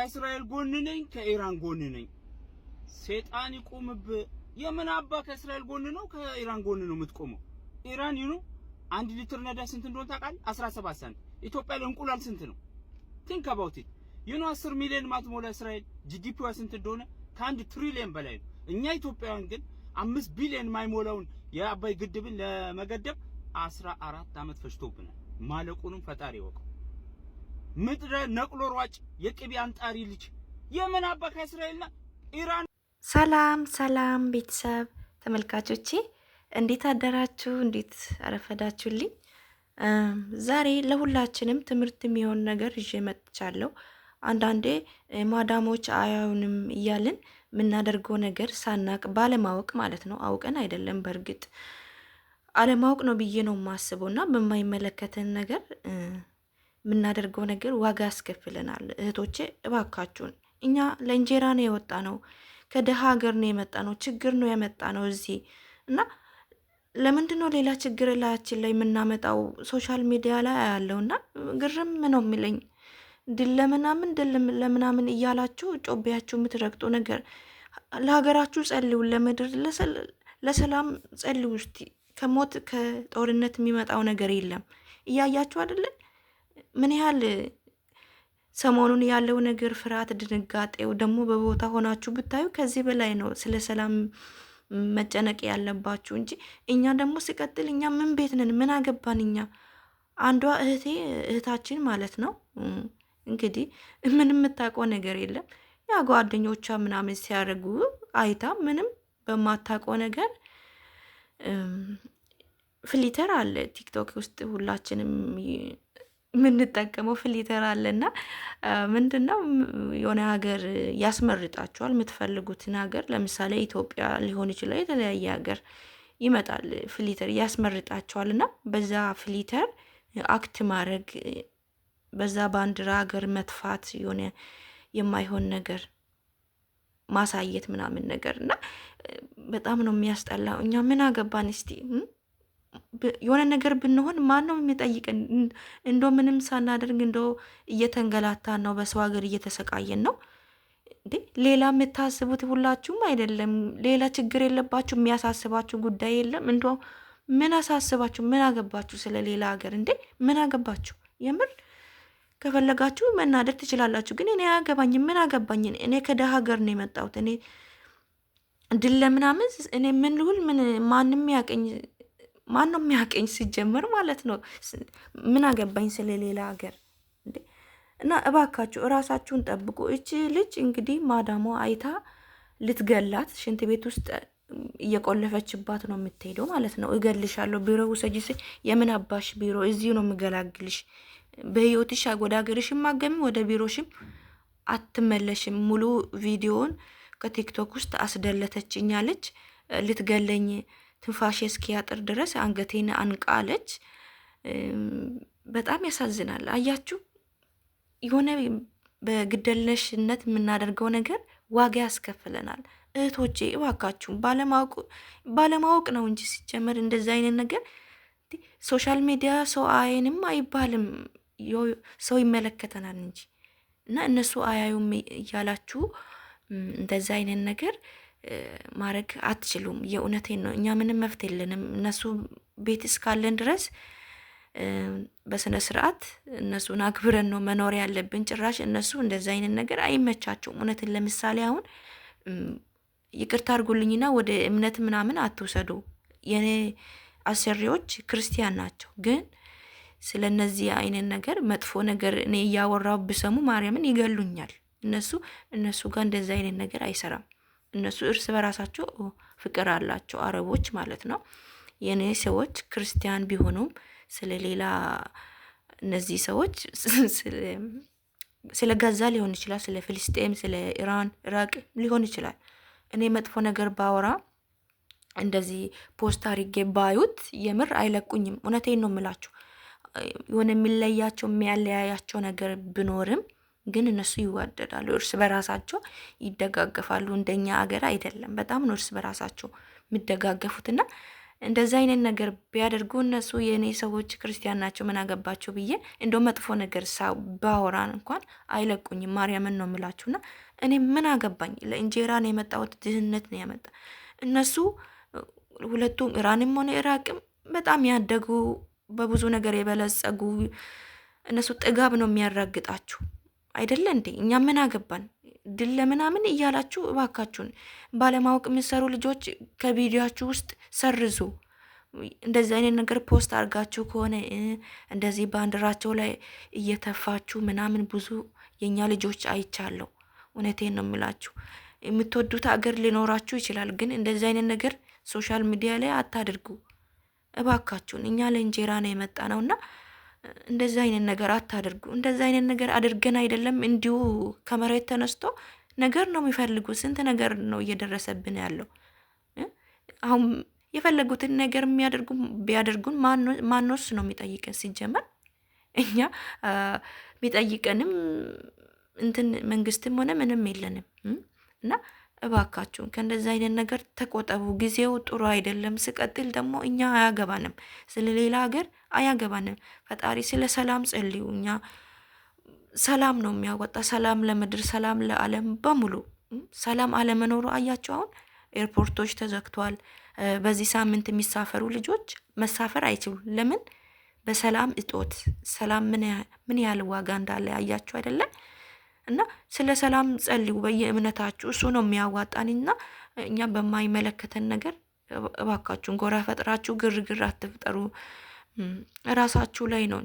ከእስራኤል ጎን ነኝ፣ ከኢራን ጎን ነኝ። ሴጣን ይቁምብ የምን አባ ከእስራኤል ጎን ነው ከኢራን ጎን ነው የምትቆመው? ኢራን ይኑ አንድ ሊትር ነዳጅ ስንት እንደሆነ ታውቃለህ? 17 ሳንት። ኢትዮጵያ ላይ እንቁላል ስንት ነው? ቲንክ አባውት ኢት ይኑ 10 ሚሊዮን ማትሞላ እስራኤል ጂዲፒዋ ስንት እንደሆነ ከአንድ ትሪሊየን በላይ ነው። እኛ ኢትዮጵያውያን ግን አምስት ቢሊዮን የማይሞላውን የአባይ ግድብን ለመገደብ 14 ዓመት ፈጅቶብናል። ማለቁንም ፈጣሪ ይወቀው። ምድረ ነቅሎ ሯጭ የቅቤ አንጣሪ ልጅ የምን አባ ከእስራኤልና ኢራን። ሰላም ሰላም ቤተሰብ ተመልካቾቼ እንዴት አደራችሁ? እንዴት አረፈዳችሁልኝ? ዛሬ ለሁላችንም ትምህርት የሚሆን ነገር ይዤ መጥቻለሁ። አንዳንዴ ማዳሞች አያዩንም እያልን የምናደርገው ነገር ሳናቅ ባለማወቅ ማለት ነው። አውቀን አይደለም በእርግጥ አለማወቅ ነው ብዬ ነው የማስበው እና በማይመለከትን ነገር የምናደርገው ነገር ዋጋ ያስከፍለናል። እህቶቼ እባካችሁን፣ እኛ ለእንጀራ ነው የወጣ ነው፣ ከደሃ ሀገር ነው የመጣ ነው፣ ችግር ነው የመጣ ነው እዚህ እና ለምንድን ነው ሌላ ችግር ላያችን ላይ የምናመጣው? ሶሻል ሚዲያ ላይ ያለውና ግርም ነው የሚለኝ ድል ለምናምን ድል ለምናምን እያላችሁ ጮቤያችሁ የምትረግጡ ነገር ለሀገራችሁ ጸልዩ፣ ለምድር ለሰላም ጸልዩ። ውስጥ ከሞት ከጦርነት የሚመጣው ነገር የለም። እያያችሁ አይደለን ምን ያህል ሰሞኑን ያለው ነገር ፍርሃት፣ ድንጋጤው ደግሞ በቦታ ሆናችሁ ብታዩ ከዚህ በላይ ነው። ስለ ሰላም መጨነቅ ያለባችሁ እንጂ እኛ ደግሞ ሲቀጥል እኛ ምን ቤት ነን? ምን አገባን እኛ። አንዷ እህቴ እህታችን ማለት ነው እንግዲህ ምንም የምታውቀው ነገር የለም ያ ጓደኞቿ ምናምን ሲያደርጉ አይታ ምንም በማታውቀው ነገር ፍሊተር አለ ቲክቶክ ውስጥ ሁላችንም የምንጠቀመው ፍሊተር አለና ምንድን ነው የሆነ ሀገር ያስመርጣችኋል። የምትፈልጉትን ሀገር ለምሳሌ ኢትዮጵያ ሊሆን ይችላል፣ የተለያየ ሀገር ይመጣል ፍሊተር ያስመርጣችኋል። እና በዛ ፍሊተር አክት ማድረግ በዛ ባንዲራ ሀገር መጥፋት የሆነ የማይሆን ነገር ማሳየት ምናምን ነገር እና በጣም ነው የሚያስጠላው። እኛ ምን አገባን እስቲ የሆነ ነገር ብንሆን ማነው የሚጠይቅን? እንዶ ምንም ሳናደርግ እንዶ እየተንገላታን ነው፣ በሰው ሀገር እየተሰቃየን ነው። እንዴ ሌላ የምታስቡት ሁላችሁም አይደለም። ሌላ ችግር የለባችሁ፣ የሚያሳስባችሁ ጉዳይ የለም። እንዶ ምን አሳስባችሁ? ምን አገባችሁ? ስለ ሌላ ሀገር እንዴ ምን አገባችሁ? የምር ከፈለጋችሁ መናደር ትችላላችሁ፣ ግን እኔ አያገባኝ። ምን አገባኝን? እኔ ከደሃ ሀገር ነው የመጣሁት። እኔ ድል ለምናምን እኔ ምን ልሁል? ምን ማንም ያቀኝ ማን ነው የሚያቀኝ ሲጀመር ማለት ነው። ምን አገባኝ ስለሌላ ሀገር እና እባካችሁ እራሳችሁን ጠብቁ። እቺ ልጅ እንግዲህ ማዳሟ አይታ ልትገላት ሽንት ቤት ውስጥ እየቆለፈችባት ነው የምትሄደው ማለት ነው። እገልሻለሁ፣ ቢሮ ውሰጂ። የምን አባሽ ቢሮ? እዚሁ ነው የምገላግልሽ። በህይወትሽ ወደ ሀገርሽም አገሚ ወደ ቢሮሽም አትመለሽም። ሙሉ ቪዲዮውን ከቲክቶክ ውስጥ አስደለተችኛለች ልትገለኝ ትንፋሽ እስኪያጥር ድረስ አንገቴን አንቃለች። በጣም ያሳዝናል። አያችሁ የሆነ በግደለሽነት የምናደርገው ነገር ዋጋ ያስከፍለናል። እህቶቼ ዋካችሁ ባለማወቅ ነው እንጂ ሲጀመር እንደዚህ አይነት ነገር ሶሻል ሚዲያ ሰው አይንም አይባልም፣ ሰው ይመለከተናል እንጂ እና እነሱ አያዩም እያላችሁ እንደዚህ አይነት ነገር ማድረግ አትችሉም። የእውነቴን ነው። እኛ ምንም መፍት የለንም። እነሱ ቤት እስካለን ድረስ በስነ ስርዓት እነሱን አክብረን ነው መኖር ያለብን። ጭራሽ እነሱ እንደዚ አይነት ነገር አይመቻቸውም። እውነትን ለምሳሌ አሁን ይቅርታ አድርጉልኝና ወደ እምነት ምናምን አትውሰዱ። የኔ አሰሪዎች ክርስቲያን ናቸው፣ ግን ስለ እነዚህ አይነት ነገር መጥፎ ነገር እኔ እያወራው ብሰሙ ማርያምን ይገሉኛል። እነሱ እነሱ ጋር እንደዚ አይነት ነገር አይሰራም። እነሱ እርስ በራሳቸው ፍቅር አላቸው፣ አረቦች ማለት ነው። የኔ ሰዎች ክርስቲያን ቢሆኑም ስለሌላ እነዚህ ሰዎች ስለ ጋዛ ሊሆን ይችላል፣ ስለ ፊልስጤም፣ ስለ ኢራን ኢራቅ ሊሆን ይችላል። እኔ መጥፎ ነገር ባወራ እንደዚህ ፖስት አድርጌ ባዩት የምር አይለቁኝም። እውነቴን ነው የምላችሁ። የሆነ የሚለያቸው የሚያለያያቸው ነገር ብኖርም ግን እነሱ ይዋደዳሉ፣ እርስ በራሳቸው ይደጋገፋሉ። እንደኛ አገር አይደለም። በጣም ነው እርስ በራሳቸው የሚደጋገፉትና እንደዚ አይነት ነገር ቢያደርጉ እነሱ የእኔ ሰዎች ክርስቲያን ናቸው ምን አገባቸው ብዬ እንደው መጥፎ ነገር ባወራን እንኳን አይለቁኝም። ማርያምን ነው የምላችሁና እኔ ምን አገባኝ? ለእንጀራ ነው የመጣሁት፣ ድህነት ነው ያመጣ። እነሱ ሁለቱም ኢራንም ሆነ ኢራቅም በጣም ያደጉ በብዙ ነገር የበለጸጉ እነሱ ጥጋብ ነው የሚያራግጣችሁ። አይደለ እንዴ? እኛ ምን አገባን ድል ለምናምን እያላችሁ እባካችሁን ባለማወቅ የምትሰሩ ልጆች ከቪዲዮችሁ ውስጥ ሰርዙ። እንደዚህ አይነት ነገር ፖስት አድርጋችሁ ከሆነ እንደዚህ ባንዲራቸው ላይ እየተፋችሁ ምናምን ብዙ የእኛ ልጆች አይቻለሁ። እውነቴን ነው የምላችሁ። የምትወዱት አገር ሊኖራችሁ ይችላል፣ ግን እንደዚህ አይነት ነገር ሶሻል ሚዲያ ላይ አታድርጉ እባካችሁን። እኛ ለእንጀራ ነው የመጣ ነውና እንደዚህ አይነት ነገር አታድርጉ። እንደዚህ አይነት ነገር አድርገን አይደለም እንዲሁ ከመሬት ተነስቶ ነገር ነው የሚፈልጉ። ስንት ነገር ነው እየደረሰብን ያለው። አሁን የፈለጉትን ነገር የሚያደርጉ ቢያደርጉን ማኖስ ነው የሚጠይቀን? ሲጀመር እኛ ቢጠይቀንም እንትን መንግስትም ሆነ ምንም የለንም እና እባካችሁን ከእንደዚህ አይነት ነገር ተቆጠቡ። ጊዜው ጥሩ አይደለም። ስቀጥል ደግሞ እኛ አያገባንም፣ ስለሌላ ሀገር አያገባንም። ፈጣሪ ስለ ሰላም ጸልዩ። እኛ ሰላም ነው የሚያወጣ፣ ሰላም ለምድር፣ ሰላም ለዓለም በሙሉ። ሰላም አለመኖሩ አያቸው። አሁን ኤርፖርቶች ተዘግቷል። በዚህ ሳምንት የሚሳፈሩ ልጆች መሳፈር አይችሉም። ለምን? በሰላም እጦት። ሰላም ምን ያህል ዋጋ እንዳለ አያችሁ አይደለም? እና ስለ ሰላም ጸልዩ በየእምነታችሁ። እሱ ነው እና እኛም በማይመለከተን ነገር እባካችሁን ጎራ ፈጥራችሁ ግርግር አትፍጠሩ። እራሳችሁ ላይ ነው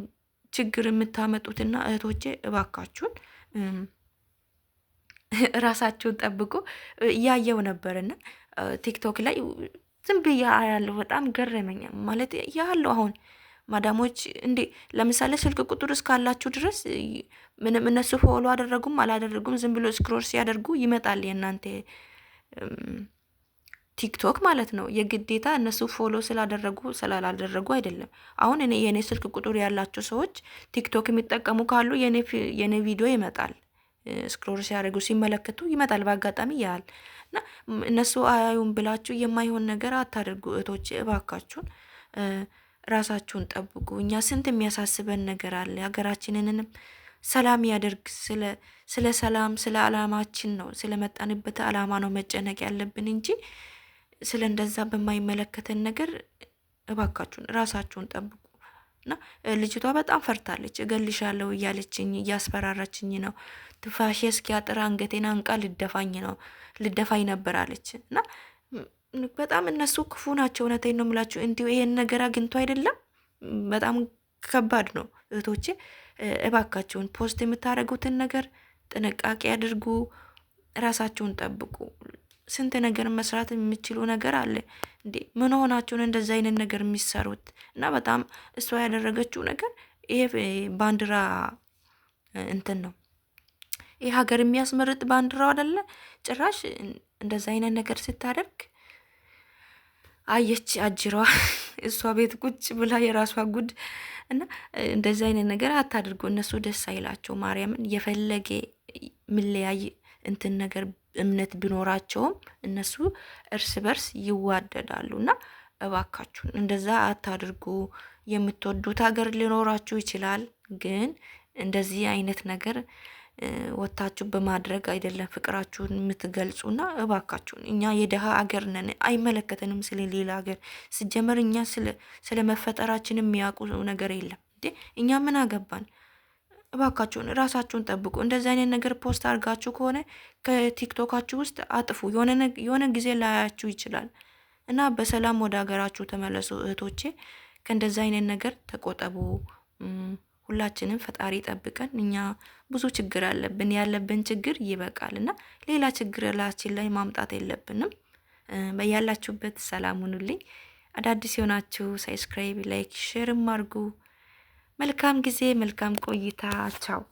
ችግር የምታመጡትና እህቶቼ እባካችሁን እራሳችሁን ጠብቁ። እያየው ነበርና ቲክቶክ ላይ ዝም ብዬ ያለው በጣም ገረመኛ ማለት ያለው አሁን ማዳሞች እንዴ ለምሳሌ ስልክ ቁጥር እስካላችሁ ድረስ ምንም እነሱ ፎሎ አደረጉም አላደረጉም ዝም ብሎ ስክሮል ሲያደርጉ ይመጣል የእናንተ ቲክቶክ ማለት ነው። የግዴታ እነሱ ፎሎ ስላደረጉ ስላላደረጉ አይደለም። አሁን እኔ የእኔ ስልክ ቁጥር ያላቸው ሰዎች ቲክቶክ የሚጠቀሙ ካሉ የእኔ ቪዲዮ ይመጣል። ስክሮል ሲያደርጉ ሲመለከቱ ይመጣል። በአጋጣሚ ያህል እና እነሱ አያዩም ብላችሁ የማይሆን ነገር አታደርጉ እህቶች እባካችሁን። ራሳችሁን ጠብቁ። እኛ ስንት የሚያሳስበን ነገር አለ። ሀገራችንንንም ሰላም ያደርግ። ስለ ሰላም ስለ አላማችን ነው ስለ መጣንበት አላማ ነው መጨነቅ ያለብን እንጂ ስለ እንደዛ በማይመለከተን ነገር እባካችሁን ራሳችሁን ጠብቁ። እና ልጅቷ በጣም ፈርታለች። እገልሻለሁ እያለችኝ እያስፈራራችኝ ነው። ትፋሽ እስኪያጥር አንገቴን አንቃ ልደፋኝ ነው ልደፋኝ ነበር አለች እና በጣም እነሱ ክፉ ናቸው። እውነቴን ነው የምላችሁ። እንዲሁ ይሄን ነገር አግኝቶ አይደለም። በጣም ከባድ ነው እህቶቼ። እባካችሁን ፖስት የምታደርጉትን ነገር ጥንቃቄ አድርጉ፣ ራሳችሁን ጠብቁ። ስንት ነገር መስራት የሚችሉ ነገር አለ እንዴ! ምን ሆናችሁን እንደዚ አይነት ነገር የሚሰሩት? እና በጣም እሷ ያደረገችው ነገር ይሄ ባንዲራ እንትን ነው ይህ ሀገር የሚያስመርጥ ባንዲራው አደለ? ጭራሽ እንደዚ አይነት ነገር ስታደርግ አየች አጅሯ እሷ ቤት ቁጭ ብላ የራሷ ጉድ እና እንደዚህ አይነት ነገር አታድርጉ። እነሱ ደስ አይላቸው ማርያምን የፈለገ ምለያይ እንትን ነገር እምነት ቢኖራቸውም እነሱ እርስ በርስ ይዋደዳሉ እና እባካችሁን እንደዛ አታድርጉ። የምትወዱት ሀገር ሊኖራችሁ ይችላል፣ ግን እንደዚህ አይነት ነገር ወታችሁ በማድረግ አይደለም ፍቅራችሁን የምትገልጹና እባካችሁን፣ እኛ የደሃ አገር ነን፣ አይመለከተንም ስለ ሌላ ሀገር። ስጀመር እኛ ስለ መፈጠራችን የሚያውቁ ነገር የለም እንዴ! እኛ ምን አገባን? እባካችሁን ራሳችሁን ጠብቁ። እንደዚህ አይነት ነገር ፖስት አድርጋችሁ ከሆነ ከቲክቶካችሁ ውስጥ አጥፉ። የሆነ ጊዜ ላያችሁ ይችላል እና በሰላም ወደ ሀገራችሁ ተመለሱ እህቶቼ። ከእንደዚህ አይነት ነገር ተቆጠቡ። ሁላችንም ፈጣሪ ጠብቀን። እኛ ብዙ ችግር አለብን፣ ያለብን ችግር ይበቃል እና ሌላ ችግር ላችን ላይ ማምጣት የለብንም። በያላችሁበት ሰላም ሁኑልኝ። አዳዲስ የሆናችሁ ሳብስክራይብ፣ ላይክ፣ ሼርም አድርጉ። መልካም ጊዜ፣ መልካም ቆይታ። ቻው